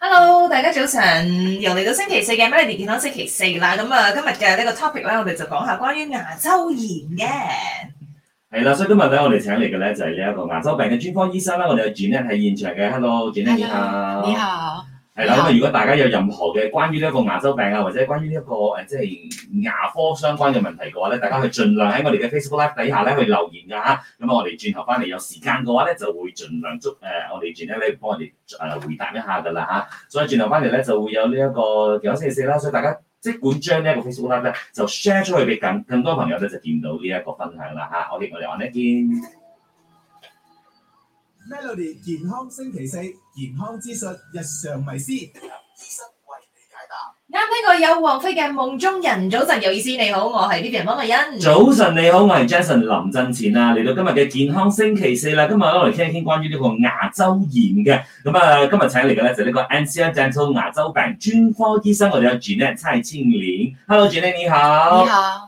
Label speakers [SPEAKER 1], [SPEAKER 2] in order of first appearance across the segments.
[SPEAKER 1] Hello，大家早晨，又嚟到星期四嘅 Melody 健康星期四啦。咁啊，今日嘅呢個 topic 咧，我哋就講下關於牙周炎嘅。
[SPEAKER 2] 係啦，所以今日咧，我哋請嚟嘅咧就係呢一個牙周病嘅專科醫生啦。我哋嘅主任係現場嘅，Hello，主任你好。你好。係啦，咁啊，如果大家有任何嘅關於呢一個牙周病啊，或者關於呢、這、一個誒，即係牙科相關嘅問題嘅話咧，大家去儘量喺我哋嘅 Facebook Live 底下咧去留言噶嚇。咁啊，我哋轉頭翻嚟有時間嘅話咧，就會儘量捉誒、呃，我哋轉一咧幫我哋誒回答一下噶啦嚇。所以轉頭翻嚟咧就會有呢一個健康星期四啦。所以大家即管將呢一個 Facebook Live 咧就 share 出去俾更更多朋友咧就見到呢一個分享啦嚇。好嘅，我哋下一見，Melody 健康星期四。
[SPEAKER 1] 健康資訊，日常迷思，醫生為你解答。啱呢個有王菲嘅夢中人，早晨有意思，你好，我係呢邊方慧欣。
[SPEAKER 2] 早晨你好，我係 Jason 林振前啊，嚟到今日嘅健康星期四啦。今日我哋嚟傾一傾關於呢個牙周炎嘅。咁啊，今日請嚟嘅咧就係呢個 NCL Dental 牙周病專科醫生我哋嘅 Ginette 蔡慶連。Hello Ginette 你好。你好。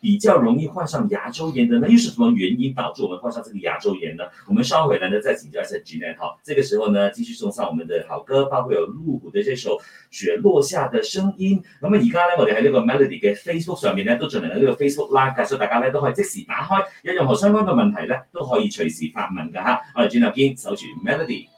[SPEAKER 2] 比較容易患上牙周炎的呢，那又是什麼原因導致我們患上這個牙周炎呢？我們稍回來呢再請教一下吉奈。好，這個時候呢繼續送上我們的好歌，包括有陸虎的這首雪落下的聲音。咁麼而家呢，我哋喺呢個 Melody 嘅 Facebook 上面呢，都進行咗呢個 Facebook Live，所以大家咧都可以即時打開，有任何相關嘅問題咧都可以隨時發問噶吓。我哋轉頭見，守住 Melody。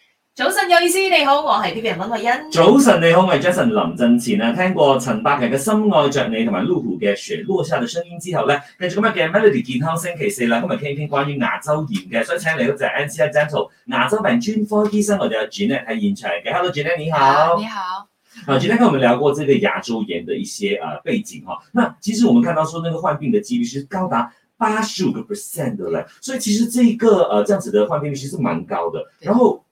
[SPEAKER 2] 早晨，有意思，你好，我係啲病人溫慧欣。早晨，你好，我係 Jason 林振前啊。聽過陳百強嘅《深愛着你》同埋陸虎嘅《雪落下的聲音》之後咧，繼續今日嘅 Melody 健康星期四啦，今日傾一傾關於牙周炎嘅，想請嚟咯就係 NC Dental 牙周病專科醫生，我哋有 Jeanette 喺現場嘅。Hello，Jeanette，你好。你好。啊，Jeanette，跟我們聊過這個牙周炎的一些啊背景哈。那其實我們看到說，那個患病的幾率是高達八十五個 percent 嘅咧。所以其實這一個誒，這樣子嘅患病率其實蠻高嘅。然後。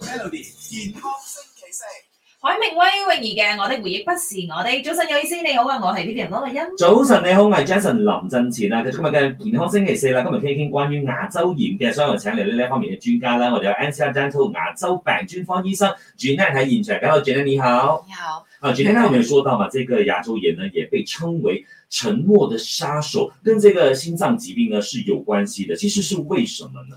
[SPEAKER 2] Melody
[SPEAKER 1] 健康星期四，海明威、泳兒嘅《我的回憶不是我的》。
[SPEAKER 2] 早晨，有意思。你好啊，我係呢啲人嗰個音。早晨你好，係 Jason 林進前啊，今日嘅健康星期四啦，今日傾一傾關於牙周炎嘅，所以我請嚟呢呢方面嘅專家啦。我哋有 Andrew Gentle 牙周病專科醫生 Gina 喺現場，你好，Gina 你好。你
[SPEAKER 3] 好。啊 Gina 我哋有
[SPEAKER 2] 說到嘛，這個牙周炎呢，也被稱為沉默的殺手，跟這個心臟疾病呢是有關係的。其實是為什麼呢？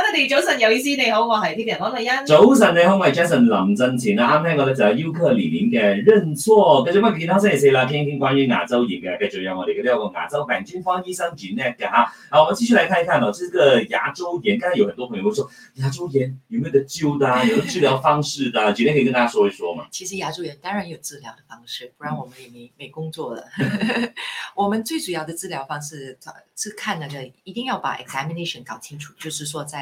[SPEAKER 1] 大哋早晨有意思，
[SPEAKER 2] 你好，我係 p e t 安麗欣。早晨你好，我係 Jason 林振前呢，啱、啊、聽我哋就係尤克里寧嘅認錯嘅，做乜其他星期四啦？聽一聽關於牙周炎嘅，嘅仲有我哋呢個牙周病專科醫生專業嘅吓。好、啊，我們繼續嚟看一看。咯、啊、呢、這個牙周炎，剛才有很多朋友會說牙周炎有冇得救的，有治療方式的，今 天可以跟大家說一說
[SPEAKER 3] 嘛。其實牙周炎當然有治療的方式，不然我們也沒 沒工作啦。 我們最主要的治療方式，是看那個一定要把 examination 搞清楚，就是說在。